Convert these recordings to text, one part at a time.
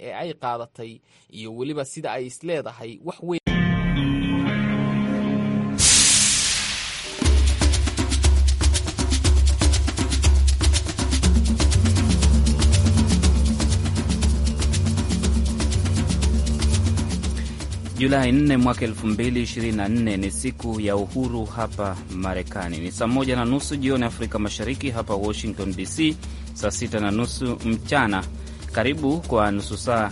ee ay qaadatay iyo weliba sida ay isleedahay wax weyn Julai 4 mwaka 2024 ni siku ya uhuru hapa Marekani. Ni saa moja na nusu jioni Afrika Mashariki, hapa Washington DC saa sita na nusu mchana karibu kwa nusu saa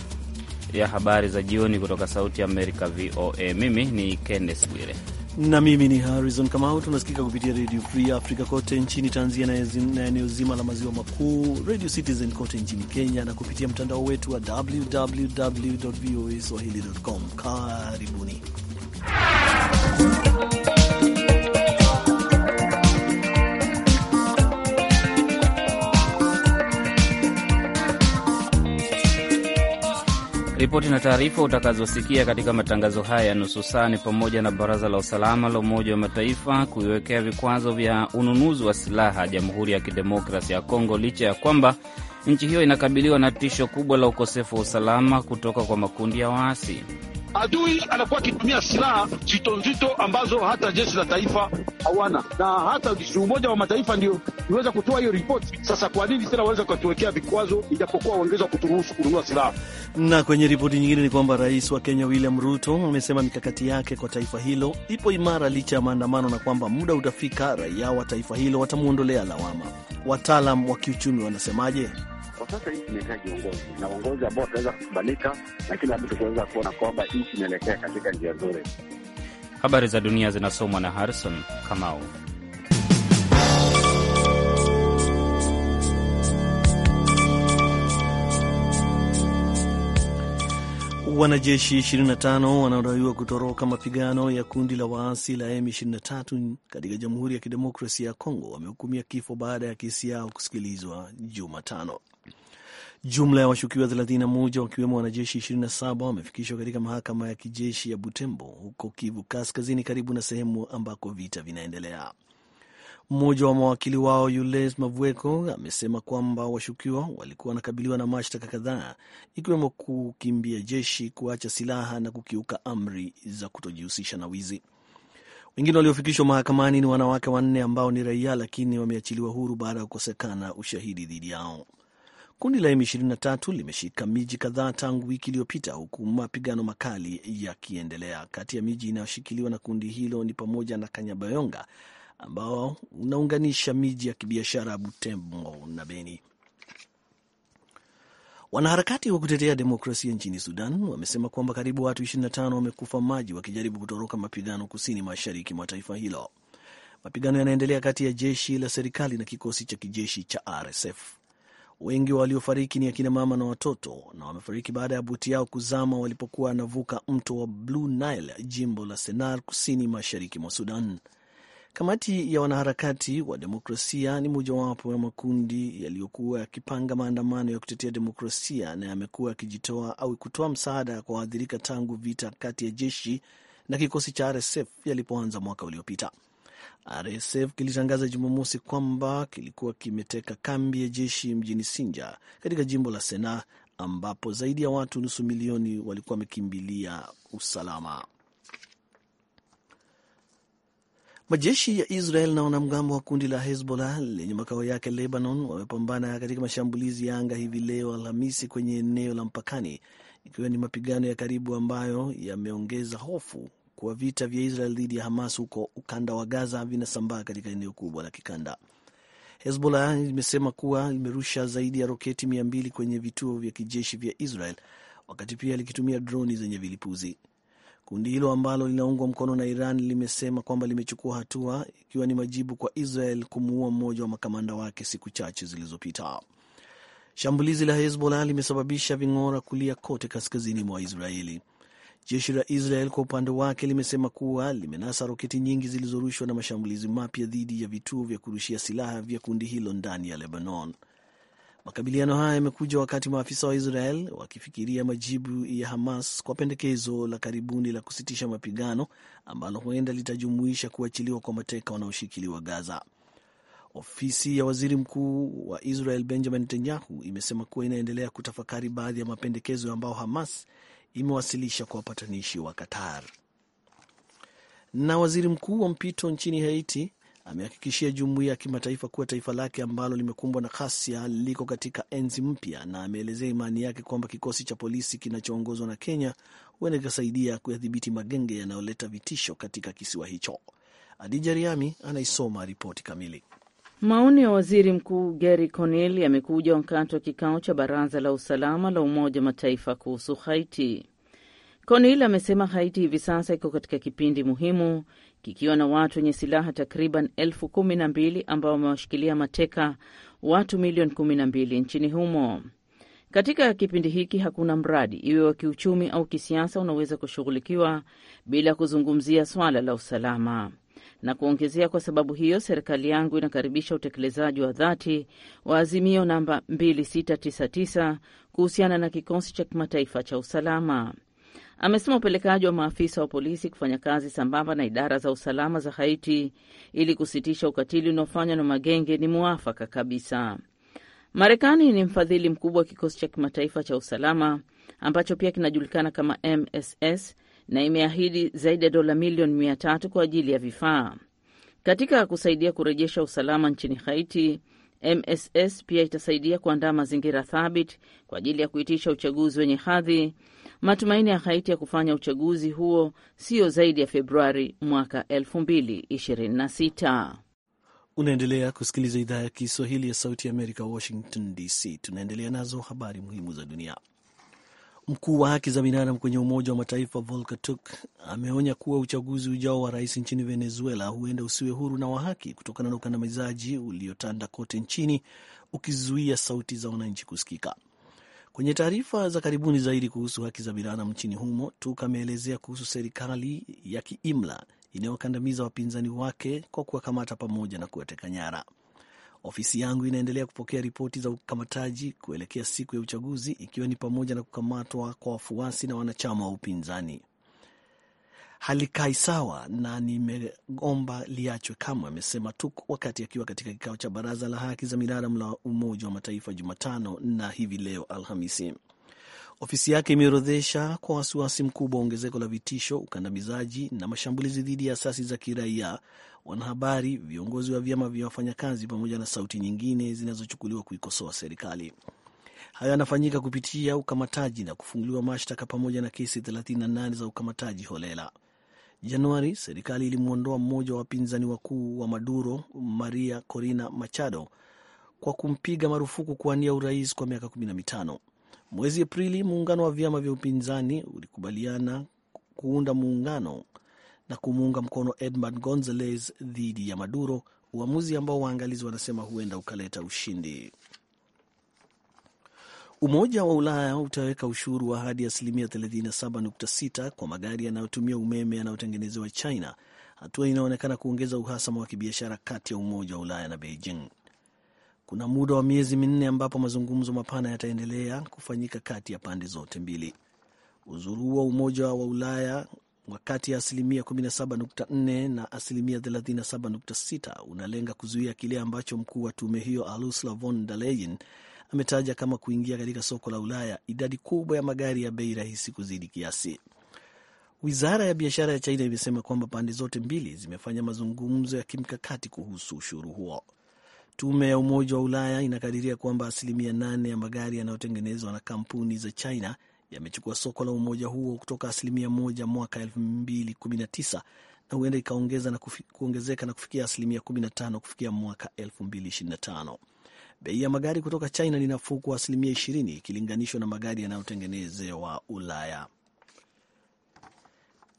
ya habari za jioni kutoka Sauti ya Amerika, VOA. Mimi ni Kenneth Bwire na mimi ni Harrison Kamau. Tunasikika kupitia Redio Free Africa kote nchini Tanzania na eneo zima la maziwa makuu, Radio Citizen kote nchini Kenya, na kupitia mtandao wetu wa www voa swahili.com. Karibuni Ripoti na taarifa utakazosikia katika matangazo haya ya nusu saa ni pamoja na baraza la usalama la Umoja wa Mataifa kuiwekea vikwazo vya ununuzi wa silaha Jamhuri ya kidemokrasi ya Kongo licha ya kwamba nchi hiyo inakabiliwa na tisho kubwa la ukosefu wa usalama kutoka kwa makundi ya waasi adui anakuwa akitumia silaha nzito nzito ambazo hata jeshi la taifa hawana, na hata Umoja wa Mataifa ndio iweza kutoa hiyo ripoti. Sasa kwa nini tena waweza kutuwekea vikwazo ijapokuwa waongeza kuturuhusu kununua silaha? Na kwenye ripoti nyingine ni kwamba rais wa Kenya William Ruto amesema mikakati yake kwa taifa hilo ipo imara licha ya maandamano, na kwamba muda utafika raia wa taifa hilo watamwondolea lawama. Wataalam wa kiuchumi wanasemaje? Kwa sasa nchi inahitaji kiongozi na uongozi ambao utaweza kukubalika na kila mtu kuweza kuona kwamba nchi inaelekea katika njia nzuri. Habari za dunia zinasomwa na Harrison Kamau. Wanajeshi 25 wanaodaiwa kutoroka mapigano ya kundi la waasi la M23 katika Jamhuri ya Kidemokrasia ya Kongo wamehukumia kifo baada ya kesi yao kusikilizwa Jumatano. Jumla ya washukiwa 31 wakiwemo wanajeshi 27 wamefikishwa katika mahakama ya kijeshi ya Butembo huko Kivu Kaskazini, karibu na sehemu ambako vita vinaendelea. Mmoja wa mawakili wao Yules Mavueko amesema kwamba washukiwa walikuwa wanakabiliwa na mashtaka kadhaa ikiwemo kukimbia jeshi, kuacha silaha na kukiuka amri za kutojihusisha na wizi. Wengine waliofikishwa mahakamani ni wanawake wanne ambao ni raia, lakini wameachiliwa huru baada ya kukosekana ushahidi dhidi yao. Kundi la M23 limeshika miji kadhaa tangu wiki iliyopita huku mapigano makali yakiendelea. Kati ya miji inayoshikiliwa na kundi hilo ni pamoja na Kanyabayonga ambao unaunganisha miji ya kibiashara Butembo na Beni. Wanaharakati wa kutetea demokrasia nchini Sudan wamesema kwamba karibu watu 25 wamekufa maji wakijaribu kutoroka mapigano kusini mashariki mwa taifa hilo. Mapigano yanaendelea kati ya jeshi la serikali na kikosi cha kijeshi cha RSF. Wengi waliofariki ni akina mama na watoto, na wamefariki baada ya boti yao kuzama walipokuwa wanavuka mto wa Blue Nile, jimbo la Sennar, kusini mashariki mwa Sudan. Kamati ya wanaharakati wa demokrasia ni mojawapo ya makundi yaliyokuwa yakipanga maandamano ya kutetea demokrasia na yamekuwa yakijitoa au kutoa msaada kwa waathirika tangu vita kati ya jeshi na kikosi cha RSF yalipoanza mwaka uliopita. RSF kilitangaza Jumamosi kwamba kilikuwa kimeteka kambi ya jeshi mjini Sinja katika jimbo la Sena ambapo zaidi ya watu nusu milioni walikuwa wamekimbilia usalama. Majeshi ya Israel na wanamgambo wa kundi la Hezbollah lenye makao yake Lebanon wamepambana katika mashambulizi ya anga hivi leo Alhamisi kwenye eneo la mpakani, ikiwa ni mapigano ya karibu ambayo yameongeza hofu kuwa vita vya Israel dhidi ya Hamas huko ukanda wa Gaza vinasambaa katika eneo kubwa la kikanda. Hezbollah imesema kuwa imerusha zaidi ya roketi mia mbili kwenye vituo vya kijeshi vya Israel, wakati pia likitumia droni zenye vilipuzi. Kundi hilo ambalo linaungwa mkono na Iran limesema kwamba limechukua hatua ikiwa ni majibu kwa Israel kumuua mmoja wa makamanda wake siku chache zilizopita. Shambulizi la Hezbollah limesababisha ving'ora kulia kote kaskazini mwa Israeli. Jeshi la Israel kwa upande wake limesema kuwa limenasa roketi nyingi zilizorushwa na mashambulizi mapya dhidi ya vituo vya kurushia silaha vya kundi hilo ndani ya Lebanon. Makabiliano haya yamekuja wakati maafisa wa Israel wakifikiria majibu ya Hamas kwa pendekezo la karibuni la kusitisha mapigano ambalo huenda litajumuisha kuachiliwa kwa mateka wanaoshikiliwa Gaza. Ofisi ya waziri mkuu wa Israel Benjamin Netanyahu imesema kuwa inaendelea kutafakari baadhi ya mapendekezo ambayo Hamas imewasilisha kwa wapatanishi wa Qatar. Na waziri mkuu wa mpito nchini Haiti amehakikishia jumuiya ya kimataifa kuwa taifa lake ambalo limekumbwa na ghasia liko katika enzi mpya, na ameelezea imani yake kwamba kikosi cha polisi kinachoongozwa na Kenya huenda kikasaidia kuyadhibiti magenge yanayoleta vitisho katika kisiwa hicho. Adija Riami anaisoma ripoti kamili. Maoni ya waziri mkuu Gary Conil yamekuja wakati wa kikao cha baraza la usalama la Umoja Mataifa kuhusu Haiti. Conil amesema Haiti hivi sasa iko katika kipindi muhimu, kikiwa na watu wenye silaha takriban elfu kumi na mbili ambao wamewashikilia mateka watu milioni kumi na mbili nchini humo. Katika kipindi hiki hakuna mradi iwe wa kiuchumi au kisiasa unaweza kushughulikiwa bila kuzungumzia swala la usalama na kuongezea, kwa sababu hiyo serikali yangu inakaribisha utekelezaji wa dhati wa azimio namba 2699 kuhusiana na kikosi cha kimataifa cha usalama. Amesema upelekaji wa maafisa wa polisi kufanya kazi sambamba na idara za usalama za Haiti ili kusitisha ukatili unaofanywa na magenge ni muafaka kabisa. Marekani ni mfadhili mkubwa wa kikosi cha kimataifa cha usalama ambacho pia kinajulikana kama MSS na imeahidi zaidi ya dola milioni mia tatu kwa ajili ya vifaa katika kusaidia kurejesha usalama nchini Haiti. MSS pia itasaidia kuandaa mazingira thabiti kwa ajili ya kuitisha uchaguzi wenye hadhi. Matumaini ya Haiti ya kufanya uchaguzi huo siyo zaidi ya Februari mwaka 2026. Unaendelea kusikiliza idhaa ya Kiswahili ya Sauti ya Amerika, Washington DC. Tunaendelea nazo habari muhimu za dunia. Mkuu wa haki za binadamu kwenye Umoja wa Mataifa Volker Turk ameonya kuwa uchaguzi ujao wa rais nchini Venezuela huenda usiwe huru na wa haki kutokana na ukandamizaji uliotanda kote nchini ukizuia sauti za wananchi kusikika. Kwenye taarifa za karibuni zaidi kuhusu haki za binadamu nchini humo, Turk ameelezea kuhusu serikali ya kiimla inayokandamiza wapinzani wake kwa kuwakamata pamoja na kuwateka nyara. Ofisi yangu inaendelea kupokea ripoti za ukamataji kuelekea siku ya uchaguzi, ikiwa ni pamoja na kukamatwa kwa wafuasi na wanachama wa upinzani. Halikai sawa na nimeomba liachwe kamwe, amesema Tuk wakati akiwa katika kikao cha baraza la haki za binadamu la Umoja wa Mataifa Jumatano na hivi leo Alhamisi. Ofisi yake imeorodhesha kwa wasiwasi mkubwa ongezeko la vitisho, ukandamizaji na mashambulizi dhidi ya asasi za kiraia, wanahabari, viongozi wa vyama vya wafanyakazi pamoja na sauti nyingine zinazochukuliwa kuikosoa serikali. Hayo yanafanyika kupitia ukamataji na kufunguliwa mashtaka pamoja na kesi 38 za ukamataji holela. Januari, serikali ilimwondoa mmoja wa wapinzani wakuu wa Maduro, Maria Corina Machado, kwa kumpiga marufuku kuwania urais kwa miaka mitano. Mwezi Aprili, muungano wa vyama vya upinzani ulikubaliana kuunda muungano na kumuunga mkono Edmund Gonzalez dhidi ya Maduro, uamuzi ambao waangalizi wanasema huenda ukaleta ushindi. Umoja wa Ulaya utaweka ushuru wa hadi asilimia 37.6 kwa magari yanayotumia umeme yanayotengenezewa China, hatua inaonekana kuongeza uhasama wa kibiashara kati ya Umoja wa Ulaya na Beijing. Kuna muda wa miezi minne ambapo mazungumzo mapana yataendelea kufanyika kati ya pande zote mbili. Uzuru huo wa Umoja wa Ulaya wa kati ya asilimia 17.4 na asilimia 37.6 unalenga kuzuia kile ambacho mkuu wa tume hiyo Ursula von der Leyen ametaja kama kuingia katika soko la Ulaya idadi kubwa ya magari ya bei rahisi kuzidi kiasi. Wizara ya biashara ya China imesema kwamba pande zote mbili zimefanya mazungumzo ya kimkakati kuhusu ushuru huo. Tume ya Umoja wa Ulaya inakadiria kwamba asilimia nane ya magari yanayotengenezwa na kampuni za China yamechukua soko la umoja huo kutoka asilimia moja mwaka elfu mbili kumi na tisa na huenda ikaongeza na kufi, kuongezeka na kufikia asilimia kumi na tano kufikia mwaka elfu tano Bei ya magari kutoka China ni nafuu kwa asilimia ishirini ikilinganishwa na magari yanayotengenezewa Ulaya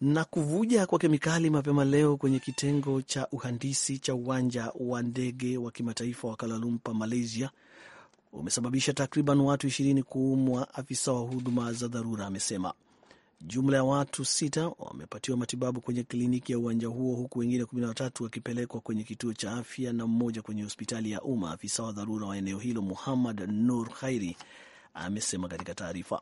na kuvuja kwa kemikali mapema leo kwenye kitengo cha uhandisi cha uwanja wa ndege wa kimataifa wa Kuala Lumpur, Malaysia umesababisha takriban watu ishirini kuumwa, afisa wa huduma za dharura amesema. Jumla ya watu sita wamepatiwa matibabu kwenye kliniki ya uwanja huo huku wengine kumi na watatu wakipelekwa kwenye kituo cha afya na mmoja kwenye hospitali ya umma, afisa wa dharura wa eneo hilo Muhammad Nur Khairi amesema katika taarifa.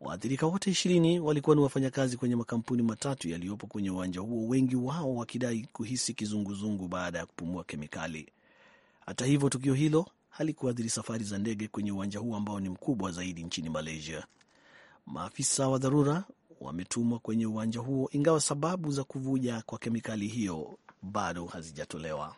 Waathirika wote ishirini walikuwa ni wafanyakazi kwenye makampuni matatu yaliyopo kwenye uwanja huo, wengi wao wakidai kuhisi kizunguzungu baada ya kupumua kemikali. Hata hivyo, tukio hilo halikuathiri safari za ndege kwenye uwanja huo ambao ni mkubwa zaidi nchini Malaysia. Maafisa wa dharura wametumwa kwenye uwanja huo, ingawa sababu za kuvuja kwa kemikali hiyo bado hazijatolewa.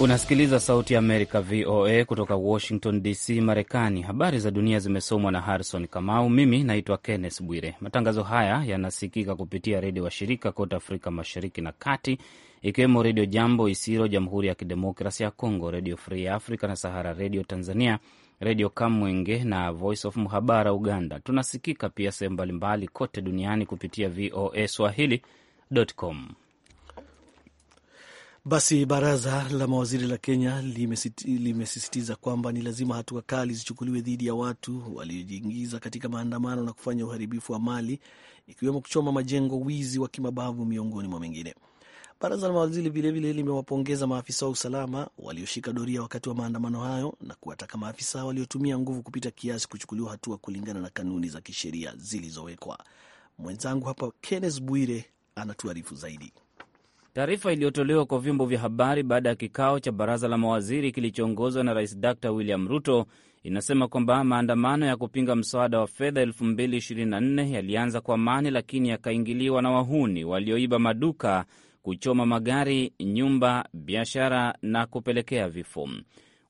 Unasikiliza Sauti ya Amerika, VOA, kutoka Washington DC, Marekani. Habari za dunia zimesomwa na Harrison Kamau. Mimi naitwa Kenneth Bwire. Matangazo haya yanasikika kupitia redio washirika kote Afrika Mashariki na Kati, ikiwemo Redio Jambo Isiro, Jamhuri ya Kidemokrasia ya Kongo, Redio Free Africa na Sahara Redio Tanzania, Redio Kamwenge na Voice of Muhabara Uganda. Tunasikika pia sehemu mbalimbali kote duniani kupitia voa swahili.com. Basi baraza la mawaziri la Kenya limesisitiza kwamba ni lazima hatua kali zichukuliwe dhidi ya watu waliojiingiza katika maandamano na kufanya uharibifu wa mali ikiwemo kuchoma majengo, wizi wa kimabavu, miongoni mwa mengine. Baraza la mawaziri vilevile limewapongeza maafisa wa usalama walioshika doria wakati wa maandamano hayo na kuwataka maafisa waliotumia nguvu kupita kiasi kuchukuliwa hatua kulingana na kanuni za kisheria zilizowekwa. Mwenzangu hapa Kenneth Bwire anatuarifu zaidi. Taarifa iliyotolewa kwa vyombo vya habari baada ya kikao cha baraza la mawaziri kilichoongozwa na Rais Dr William Ruto inasema kwamba maandamano ya kupinga mswada wa fedha 2024 yalianza kwa amani, lakini yakaingiliwa na wahuni walioiba maduka, kuchoma magari, nyumba, biashara na kupelekea vifo.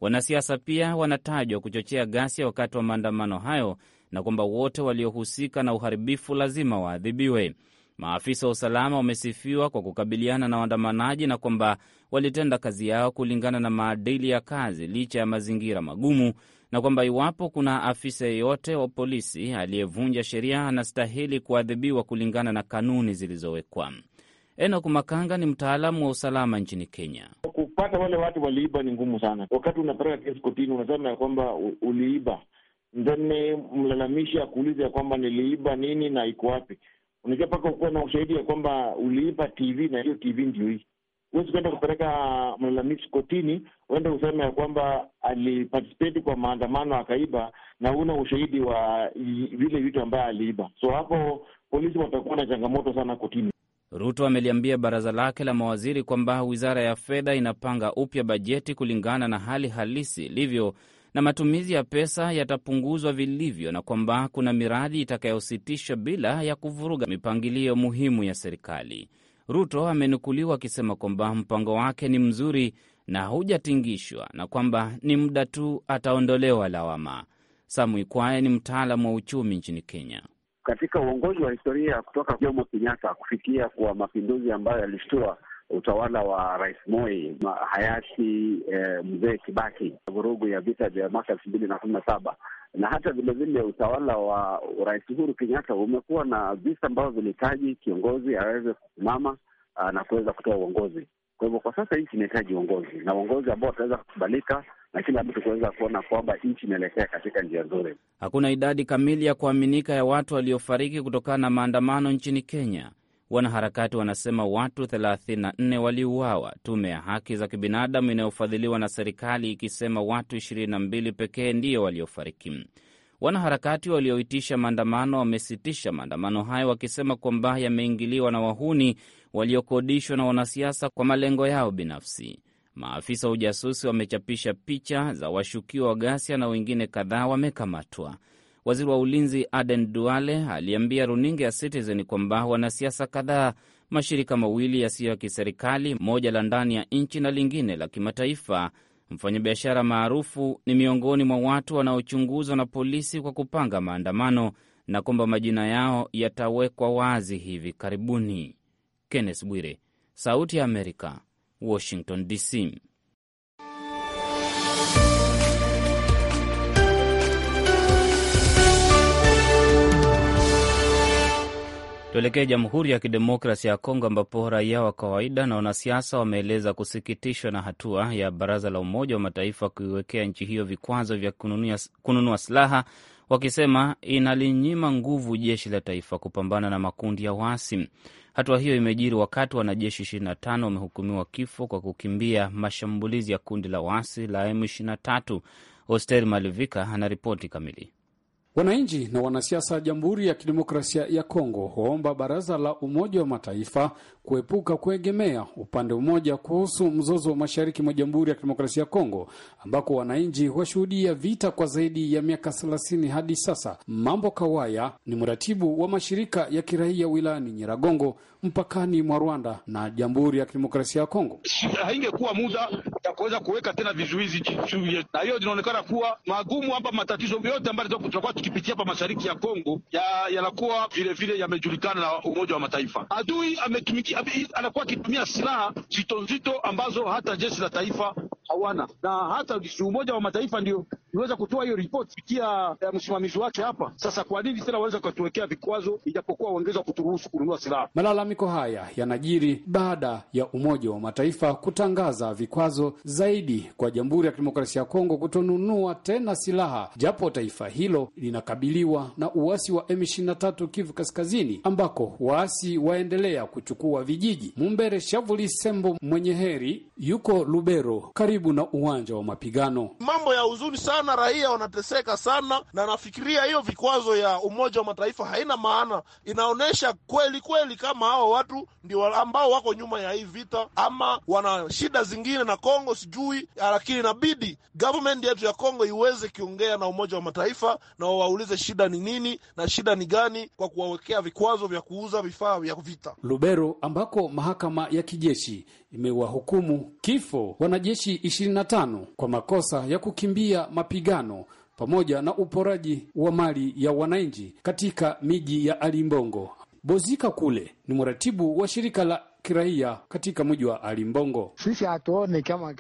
Wanasiasa pia wanatajwa kuchochea ghasia wakati wa maandamano hayo na kwamba wote waliohusika na uharibifu lazima waadhibiwe. Maafisa wa usalama wamesifiwa kwa kukabiliana na waandamanaji na kwamba walitenda kazi yao kulingana na maadili ya kazi licha ya mazingira magumu, na kwamba iwapo kuna afisa yeyote wa polisi aliyevunja sheria anastahili kuadhibiwa kulingana na kanuni zilizowekwa. Enok Makanga ni mtaalamu wa usalama nchini Kenya. Kupata wale watu waliiba ni ngumu sana. Wakati unapeleka kesi kotini, unasema ya kwamba uliiba, then mlalamishi akuuliza ya kwamba niliiba nini na iko wapi unajua mpaka ukuwa na ushahidi ya kwamba uliipa TV na hiyo TV ndio hii. Huwezi kuenda kupeleka mlalamishi kotini, uende useme ya kwamba aliparticipate kwa maandamano akaiba, na una ushahidi wa vile vitu ambaye aliiba. So hapo polisi watakuwa na changamoto sana kotini. Ruto ameliambia baraza lake la mawaziri kwamba wizara ya fedha inapanga upya bajeti kulingana na hali halisi ilivyo na matumizi ya pesa yatapunguzwa vilivyo, na kwamba kuna miradi itakayositishwa bila ya kuvuruga mipangilio muhimu ya serikali. Ruto amenukuliwa akisema kwamba mpango wake ni mzuri na hujatingishwa na kwamba ni muda tu ataondolewa lawama. Samu Ikwaye ni mtaalamu wa uchumi nchini Kenya. Katika uongozi wa historia kutoka Jomo Kenyatta kufikia kwa mapinduzi ambayo yalishtua utawala wa Rais Moi hayati eh, Mzee Kibaki, vurugu ya vita vya mwaka elfu mbili na kumi na saba na hata vilevile utawala wa Rais Uhuru Kenyatta umekuwa na visa ambavyo vilihitaji kiongozi aweze kusimama ah, na kuweza kutoa uongozi. Kwa hivyo kwa sasa nchi inahitaji uongozi na uongozi ambao wataweza kukubalika na kila mtu kuweza kuona kwamba nchi inaelekea katika njia nzuri. Hakuna idadi kamili ya kuaminika ya watu waliofariki kutokana na maandamano nchini Kenya. Wanaharakati wanasema watu 34 waliuawa, tume ya haki za kibinadamu inayofadhiliwa na serikali ikisema watu 22 pekee ndiyo waliofariki. Wanaharakati walioitisha maandamano wamesitisha maandamano hayo wakisema kwamba yameingiliwa na wahuni waliokodishwa na wanasiasa kwa malengo yao binafsi. Maafisa wa ujasusi wamechapisha picha za washukiwa wa ghasia na wengine kadhaa wamekamatwa. Waziri wa ulinzi Aden Duale aliambia runinga ya Citizen kwamba wanasiasa kadhaa, mashirika mawili yasiyo ya kiserikali, moja la ndani ya nchi na lingine la kimataifa, mfanyabiashara maarufu, ni miongoni mwa watu wanaochunguzwa na polisi kwa kupanga maandamano na kwamba majina yao yatawekwa wazi hivi karibuni. Kenneth Bwire, Sauti ya Amerika, Washington DC. Tuelekee Jamhuri ya Kidemokrasi ya Kongo, ambapo raia wa kawaida na wanasiasa wameeleza kusikitishwa na hatua ya Baraza la Umoja wa Mataifa kuiwekea nchi hiyo vikwazo vya kununua silaha, wakisema inalinyima nguvu jeshi la taifa kupambana na makundi ya waasi. Hatua hiyo imejiri wakati wanajeshi 25 wamehukumiwa kifo kwa kukimbia mashambulizi ya kundi la waasi la M23. Oster Malivika anaripoti kamili. Wananchi na wanasiasa Jamhuri ya Kidemokrasia ya Kongo waomba Baraza la Umoja wa Mataifa kuepuka kuegemea upande mmoja kuhusu mzozo wa mashariki mwa Jamhuri ya Kidemokrasia ya Kongo ambako wananchi washuhudia vita kwa zaidi ya miaka thelathini hadi sasa. Mambo Kawaya ni mratibu wa mashirika ya kiraia wilayani Nyiragongo mpakani mwa Rwanda na Jamhuri ya Kidemokrasia ya Kongo. Haingekuwa muda ya kuweza kuweka tena vizuizi juu yetu, na hiyo linaonekana kuwa magumu hapa. Matatizo yote ambayo tunakuwa tukipitia hapa mashariki ya Kongo yanakuwa ya vilevile yamejulikana na Umoja wa Mataifa. Adui ametumikia, anakuwa akitumia silaha zito nzito ambazo hata jeshi la taifa hawana, na hata Umoja wa Mataifa ndio uliweza kutoa hiyo ripoti kupitia eh, msimamizi wake hapa. Sasa kwa nini tena waweza kutuwekea vikwazo, ijapokuwa wangeweza kuturuhusu kununua silaha? Malalamiko haya yanajiri baada ya Umoja wa Mataifa kutangaza vikwazo zaidi kwa Jamhuri ya Kidemokrasia ya Kongo kutonunua tena silaha, japo taifa hilo linakabiliwa na uasi wa M23 Kivu Kaskazini, ambako waasi waendelea kuchukua vijiji. Mumbere Shavuli Sembo mwenye heri yuko Lubero karibu karibu na uwanja wa mapigano. Mambo ya huzuni sana, raia wanateseka sana, na nafikiria hiyo vikwazo ya Umoja wa Mataifa haina maana. Inaonyesha kweli kweli kama hawa watu ndio ambao wako nyuma ya hii vita, ama wana shida zingine na Kongo sijui, lakini inabidi government yetu ya Kongo iweze kiongea na Umoja wa Mataifa na waulize shida ni nini na shida ni gani, kwa kuwawekea vikwazo vya kuuza vifaa vya vita. Lubero ambako mahakama ya kijeshi imewahukumu kifo wanajeshi 25 kwa makosa ya kukimbia mapigano pamoja na uporaji wa mali ya wananchi katika miji ya Alimbongo. Bozika Kule ni mratibu wa shirika la kiraia katika mji wa Alimbongo. Sisi hatuone kama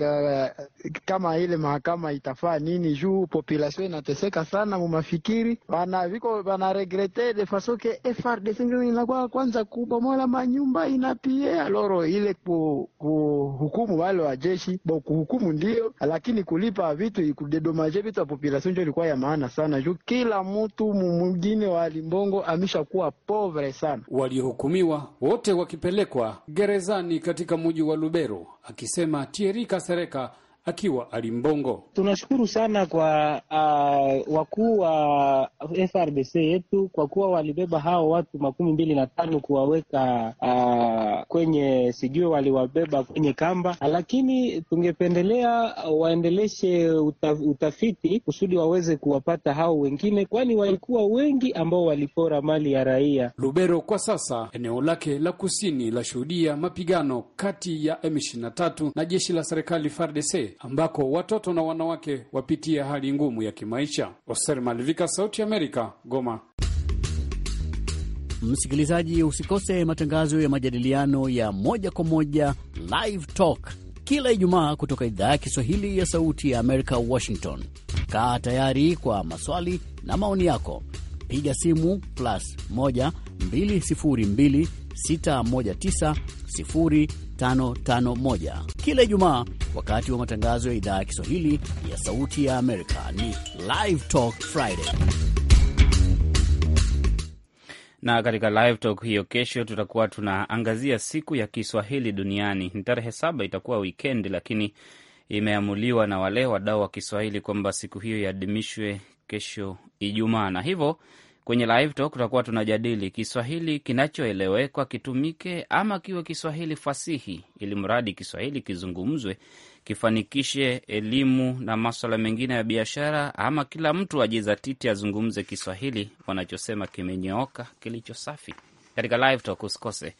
kama ile mahakama itafaa nini juu population inateseka sana mumafikiri bana viko wanaregrete regrete de faso ke FRDC ndio inakuwa kwanza kubomola manyumba inapie aloro ile kuhukumu ku wale wa jeshi bo kuhukumu ndio, lakini kulipa vitu kudedomaje vitu ya population ndio ilikuwa ya maana sana juu kila mtu mwingine wa Alimbongo kuwa povre sana. Waliohukumiwa wote wakipelekwa gerezani katika mji wa Lubero, akisema Tieri Kasereka akiwa Alimbongo. Tunashukuru sana kwa uh, wakuu wa frdc yetu kwa kuwa walibeba hao watu makumi mbili na tano kuwaweka uh, kwenye sijue waliwabeba kwenye kamba, lakini tungependelea waendeleshe utafiti kusudi waweze kuwapata hao wengine, kwani walikuwa wengi ambao walipora mali ya raia. Lubero kwa sasa eneo lake la kusini lashuhudia mapigano kati ya M23 na jeshi la serikali FARDC ambako watoto na wanawake wapitia hali ngumu ya kimaisha. Oser Malivika, Sauti Amerika, Goma. Msikilizaji, usikose matangazo ya majadiliano ya moja kwa moja Live Talk kila Ijumaa kutoka idhaa ya Kiswahili ya Sauti ya Amerika, Washington. Kaa tayari kwa maswali na maoni yako, piga simu plus 1 202 619 551 kila Ijumaa wakati wa matangazo ya idhaa ya Kiswahili ya Sauti ya Amerika. Ni Live Talk Friday na katika live talk hiyo kesho tutakuwa tunaangazia siku ya Kiswahili duniani. Ni tarehe saba, itakuwa wikendi, lakini imeamuliwa na wale wadau wa Kiswahili kwamba siku hiyo iadhimishwe kesho Ijumaa, na hivyo Kwenye live talk tutakuwa tunajadili Kiswahili kinachoelewekwa kitumike ama kiwe Kiswahili fasihi, ili mradi Kiswahili kizungumzwe, kifanikishe elimu na maswala mengine ya biashara, ama kila mtu ajizatiti azungumze Kiswahili wanachosema kimenyooka, kilicho safi. Katika live talk usikose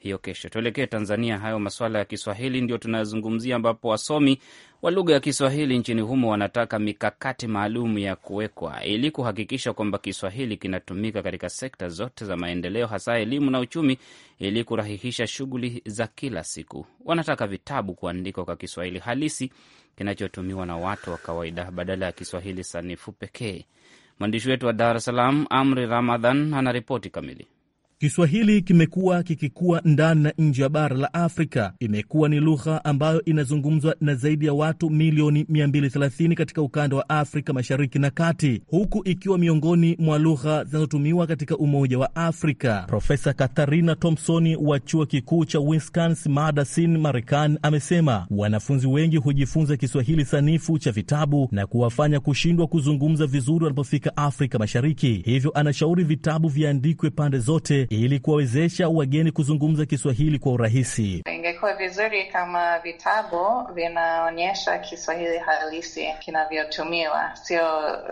hiyo kesho. Tuelekee Tanzania. Hayo masuala ya Kiswahili ndio tunayozungumzia, ambapo wasomi wa lugha ya Kiswahili nchini humo wanataka mikakati maalum ya kuwekwa ili kuhakikisha kwamba Kiswahili kinatumika katika sekta zote za maendeleo, hasa elimu na uchumi, ili kurahihisha shughuli za kila siku. Wanataka vitabu kuandikwa kwa Kiswahili halisi kinachotumiwa na watu wa kawaida badala ya Kiswahili sanifu pekee. Mwandishi wetu wa Dar es Salaam, Amri Ramadhan, anaripoti kamili. Kiswahili kimekuwa kikikuwa ndani na nje ya bara la Afrika. Imekuwa ni lugha ambayo inazungumzwa na zaidi ya watu milioni 230 katika ukanda wa Afrika Mashariki na Kati, huku ikiwa miongoni mwa lugha zinazotumiwa katika Umoja wa Afrika. Profesa Katharina Thompson wa chuo kikuu cha Wisconsin Madison, Marekani, amesema wanafunzi wengi hujifunza Kiswahili sanifu cha vitabu na kuwafanya kushindwa kuzungumza vizuri wanapofika Afrika Mashariki, hivyo anashauri vitabu viandikwe pande zote ili kuwawezesha wageni kuzungumza Kiswahili kwa urahisi. Ingekuwa vizuri kama vitabu vinaonyesha Kiswahili halisi kinavyotumiwa, sio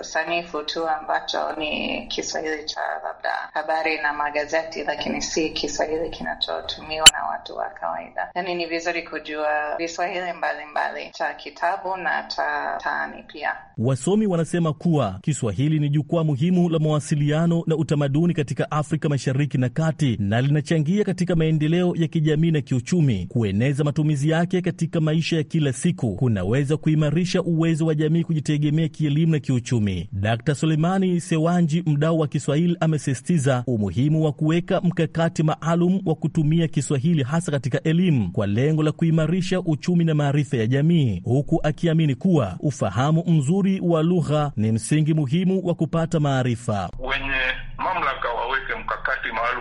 sanifu tu ambacho ni Kiswahili cha labda habari na magazeti, lakini si Kiswahili kinachotumiwa na watu wa kawaida. Yani ni vizuri kujua viswahili mbalimbali cha kitabu na cha taani pia. Wasomi wanasema kuwa Kiswahili ni jukwaa muhimu la mawasiliano na utamaduni katika Afrika Mashariki na na kati na linachangia katika maendeleo ya kijamii na kiuchumi. Kueneza matumizi yake katika maisha ya kila siku kunaweza kuimarisha uwezo wa jamii kujitegemea kielimu na kiuchumi. Dr. sulemani Sewanji, mdau wa Kiswahili, amesisitiza umuhimu wa kuweka mkakati maalum wa kutumia Kiswahili hasa katika elimu kwa lengo la kuimarisha uchumi na maarifa ya jamii, huku akiamini kuwa ufahamu mzuri wa lugha ni msingi muhimu wa kupata maarifa. Wenye mamlaka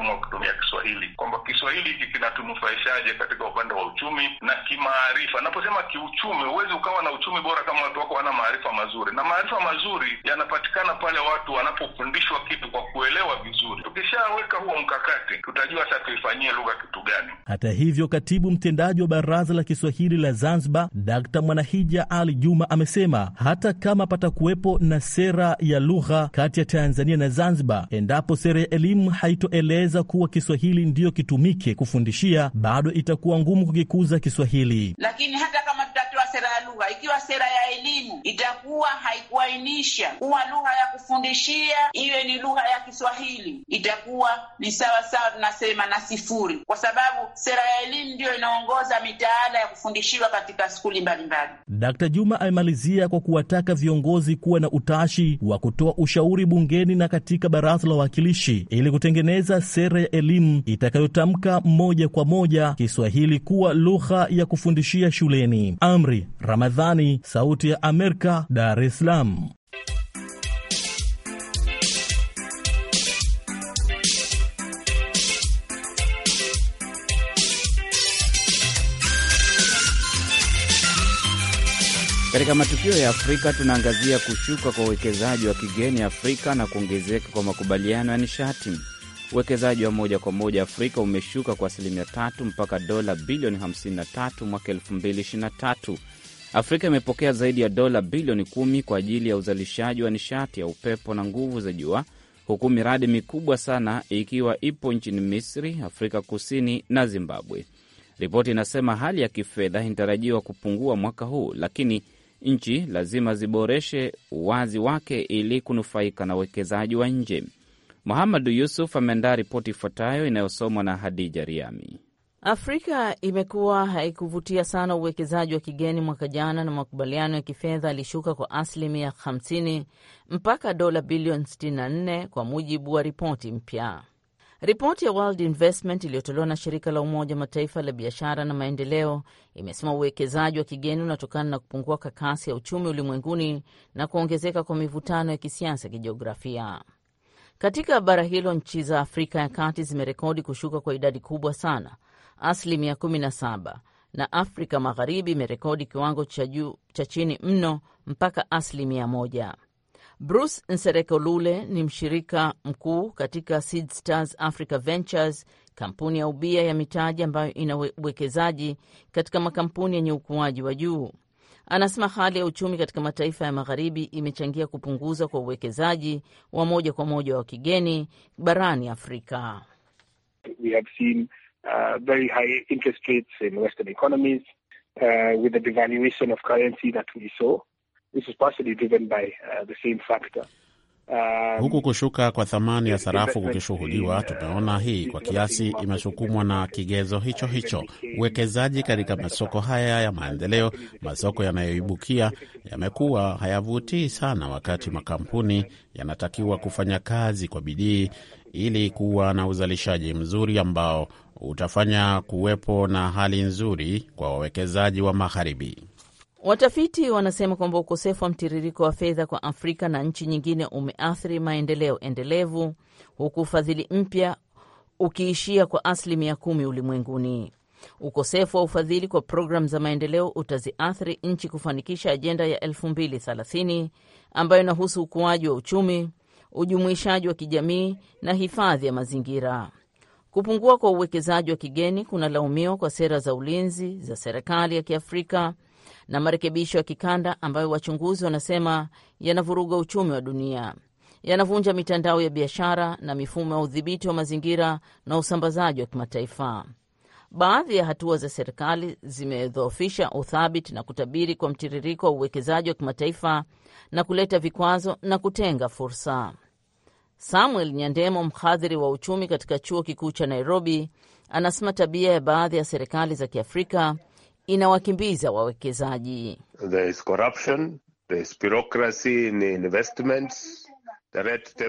bloco do MEC. Kiswahili, kwamba Kiswahili hiki kinatunufaishaje katika upande wa uchumi na kimaarifa. Naposema kiuchumi, huwezi ukawa na uchumi bora kama watu wako wana maarifa mazuri, na maarifa mazuri yanapatikana pale watu wanapofundishwa kitu kwa kuelewa vizuri. Tukishaweka huo mkakati, tutajua sasa tuifanyie lugha kitu gani. Hata hivyo, katibu mtendaji wa Baraza la Kiswahili la Zanzibar d Mwanahija Ali Juma amesema hata kama patakuwepo na sera ya lugha kati ya Tanzania na Zanzibar, endapo sera ya elimu haitoeleza kuwa Kiswahili Kiswahili ndiyo kitumike kufundishia, bado itakuwa ngumu kukikuza Kiswahili lakini lugha, ikiwa sera ya elimu itakuwa haikuainisha kuwa lugha ya kufundishia iwe ni lugha ya Kiswahili, itakuwa ni sawa sawa, tunasema na sifuri, kwa sababu sera ya elimu ndiyo inaongoza mitaala ya kufundishiwa katika skuli mbalimbali. Dkt. Juma amemalizia kwa kuwataka viongozi kuwa na utashi wa kutoa ushauri bungeni na katika baraza la wawakilishi ili kutengeneza sera ya elimu itakayotamka moja kwa moja Kiswahili kuwa lugha ya kufundishia shuleni. Amri Ramadhani, Sauti ya Amerika, Dar es Salaam. Katika matukio ya Afrika tunaangazia kushuka kwa uwekezaji wa kigeni Afrika na kuongezeka kwa makubaliano ya nishati. Uwekezaji wa moja kwa moja Afrika umeshuka kwa asilimia tatu mpaka dola bilioni 53 mwaka Afrika imepokea zaidi ya dola bilioni kumi kwa ajili ya uzalishaji wa nishati ya upepo na nguvu za jua, huku miradi mikubwa sana ikiwa ipo nchini Misri, Afrika Kusini na Zimbabwe. Ripoti inasema hali ya kifedha inatarajiwa kupungua mwaka huu, lakini nchi lazima ziboreshe uwazi wake ili kunufaika na uwekezaji wa nje. Muhamadu Yusuf ameandaa ripoti ifuatayo inayosomwa na Hadija Riami. Afrika imekuwa haikuvutia sana uwekezaji wa kigeni mwaka jana, na makubaliano ya kifedha yalishuka kwa asilimia 50 mpaka dola bilioni 64 kwa mujibu wa ripoti mpya. Ripoti ya World Investment iliyotolewa na shirika la Umoja wa Mataifa la biashara na maendeleo imesema uwekezaji wa kigeni unatokana na kupungua kwa kasi ya uchumi ulimwenguni na kuongezeka kwa mivutano ya kisiasa, kijiografia. Katika bara hilo, nchi za Afrika ya kati zimerekodi kushuka kwa idadi kubwa sana asilimia 17 na Afrika Magharibi imerekodi kiwango cha juu cha chini mno mpaka asilimia moja. Bruce Nserekolule ni mshirika mkuu katika Seed Stars Africa Ventures, kampuni ya ubia ya mitaji ambayo ina uwekezaji katika makampuni yenye ukuaji wa juu. Anasema hali ya uchumi katika mataifa ya magharibi imechangia kupunguza kwa uwekezaji wa moja kwa moja wa kigeni barani Afrika. We have seen uh, very high interest rates in Western economies, uh, with the devaluation of currency that we saw. This is partially driven by uh, the same factor. Um, huku kushuka kwa thamani ya sarafu kukishuhudiwa, uh, tumeona hii kwa kiasi imesukumwa na kigezo hicho hicho. Uwekezaji katika masoko haya ya maendeleo, masoko yanayoibukia, yamekuwa hayavutii sana, wakati makampuni yanatakiwa kufanya kazi kwa bidii ili kuwa na uzalishaji mzuri ambao utafanya kuwepo na hali nzuri kwa wawekezaji wa magharibi. Watafiti wanasema kwamba ukosefu wa mtiririko wa fedha kwa Afrika na nchi nyingine umeathiri maendeleo endelevu, huku ufadhili mpya ukiishia kwa asilimia kumi ulimwenguni. Ukosefu wa ufadhili kwa programu za maendeleo utaziathiri nchi kufanikisha ajenda ya 2030 ambayo inahusu ukuaji wa uchumi, ujumuishaji wa kijamii na hifadhi ya mazingira. Kupungua kwa uwekezaji wa kigeni kunalaumiwa kwa sera za ulinzi za serikali ya Kiafrika na marekebisho ya kikanda ambayo wachunguzi wanasema yanavuruga uchumi wa dunia, yanavunja mitandao ya biashara na mifumo ya udhibiti wa mazingira na usambazaji wa kimataifa. Baadhi ya hatua za serikali zimedhoofisha uthabiti na kutabiri kwa mtiririko wa uwekezaji wa kimataifa na kuleta vikwazo na kutenga fursa. Samuel Nyandemo, mhadhiri wa uchumi katika chuo kikuu cha Nairobi, anasema tabia ya baadhi ya serikali za Kiafrika inawakimbiza wawekezaji.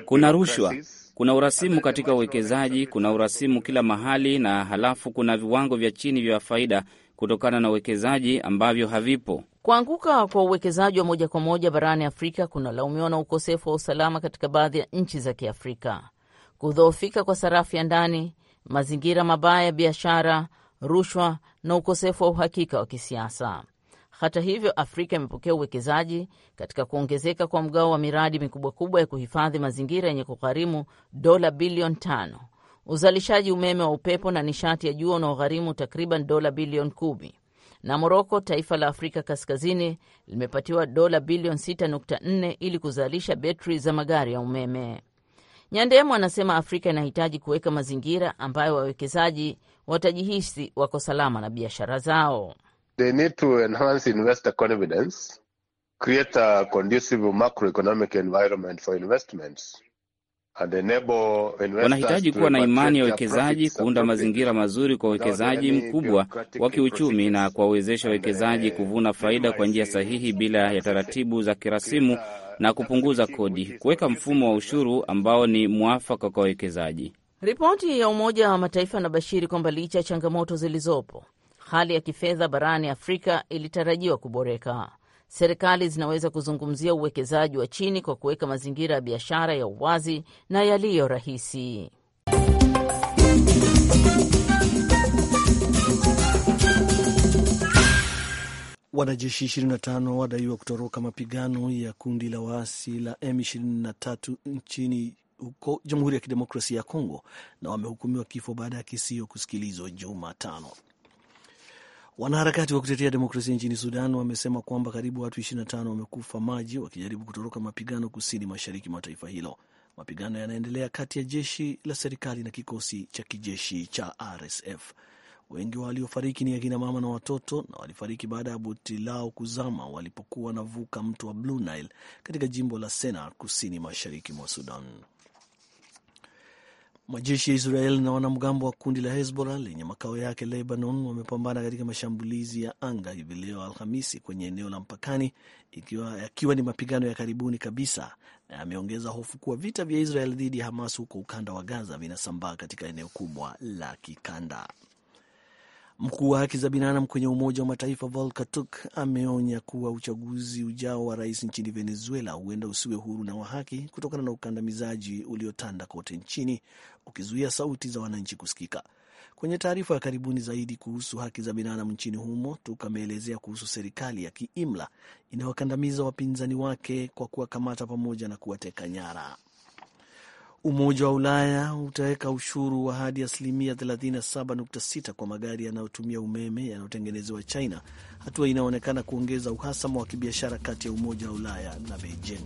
Kuna rushwa, kuna urasimu katika uwekezaji, kuna urasimu kila mahali, na halafu kuna viwango vya chini vya faida kutokana na uwekezaji ambavyo havipo. Kuanguka kwa uwekezaji wa moja kwa moja barani Afrika kunalaumiwa na ukosefu wa usalama katika baadhi ya nchi za Kiafrika, kudhoofika kwa sarafu ya ndani, mazingira mabaya ya biashara, rushwa na ukosefu wa uhakika wa kisiasa. Hata hivyo, Afrika imepokea uwekezaji katika kuongezeka kwa mgao wa miradi mikubwa kubwa ya kuhifadhi mazingira yenye kugharimu dola bilioni tano, uzalishaji umeme wa upepo na nishati ya jua unaogharimu takriban dola bilioni kumi na Moroko, taifa la Afrika Kaskazini, limepatiwa dola bilioni 6.4 ili kuzalisha betri za magari ya umeme. Nyandemo anasema Afrika inahitaji kuweka mazingira ambayo wawekezaji watajihisi wako salama na biashara zao. They need to enhance investor confidence, create a conducive macroeconomic environment for investments wanahitaji kuwa na imani ya wawekezaji, kuunda mazingira mazuri kwa uwekezaji mkubwa wa kiuchumi na kuwawezesha wawekezaji uh, kuvuna faida kwa njia sahihi bila ya taratibu za kirasimu na kupunguza kodi, kuweka mfumo wa ushuru ambao ni mwafaka kwa wawekezaji. Ripoti ya Umoja wa Mataifa inabashiri kwamba licha ya changamoto zilizopo, hali ya kifedha barani Afrika ilitarajiwa kuboreka. Serikali zinaweza kuzungumzia uwekezaji wa chini kwa kuweka mazingira ya biashara ya uwazi na yaliyo rahisi. Wanajeshi 25 wadaiwa kutoroka mapigano ya kundi la waasi la M23 nchini huko Jamhuri ya Kidemokrasia ya Kongo na wamehukumiwa kifo baada ya kesi hiyo kusikilizwa Jumatano. Wanaharakati wa kutetea demokrasia nchini Sudan wamesema kwamba karibu watu 25 wamekufa maji wakijaribu kutoroka mapigano kusini mashariki mwa taifa hilo. Mapigano yanaendelea kati ya jeshi la serikali na kikosi cha kijeshi cha RSF. Wengi waliofariki ni akina mama na watoto, na walifariki baada ya boti lao kuzama walipokuwa wanavuka mto wa Blue Nile katika jimbo la Sennar kusini mashariki mwa Sudan. Majeshi ya israel na wanamgambo wa kundi la Hezbollah lenye makao yake Lebanon wamepambana katika mashambulizi ya anga hivi leo Alhamisi kwenye eneo la mpakani, ikiwa yakiwa ni mapigano ya karibuni kabisa, na yameongeza hofu kuwa vita vya Israel dhidi ya Hamas huko ukanda wa Gaza vinasambaa katika eneo kubwa la kikanda. Mkuu wa haki za binadamu kwenye Umoja wa Mataifa Volker Turk ameonya kuwa uchaguzi ujao wa rais nchini Venezuela huenda usiwe huru na wa haki kutokana na ukandamizaji uliotanda kote nchini, ukizuia sauti za wananchi kusikika. Kwenye taarifa ya karibuni zaidi kuhusu haki za binadamu nchini humo, Turk ameelezea kuhusu serikali ya kiimla inayokandamiza wapinzani wake kwa kuwakamata pamoja na kuwateka nyara. Umoja wa Ulaya utaweka ushuru wa hadi asilimia 37.6 kwa magari yanayotumia umeme yanayotengenezewa China, hatua inaonekana kuongeza uhasama wa kibiashara kati ya Umoja wa Ulaya na Beijing.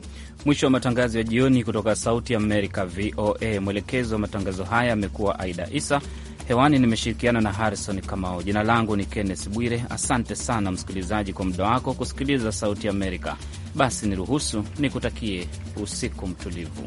Mwisho wa matangazo ya jioni kutoka Sauti Amerika, VOA. Mwelekezo wa matangazo haya amekuwa Aida Isa. Hewani nimeshirikiana na Harrison Kamao. Jina langu ni Kenneth Bwire. Asante sana msikilizaji kwa muda wako kusikiliza Sauti Amerika. Basi niruhusu nikutakie usiku mtulivu.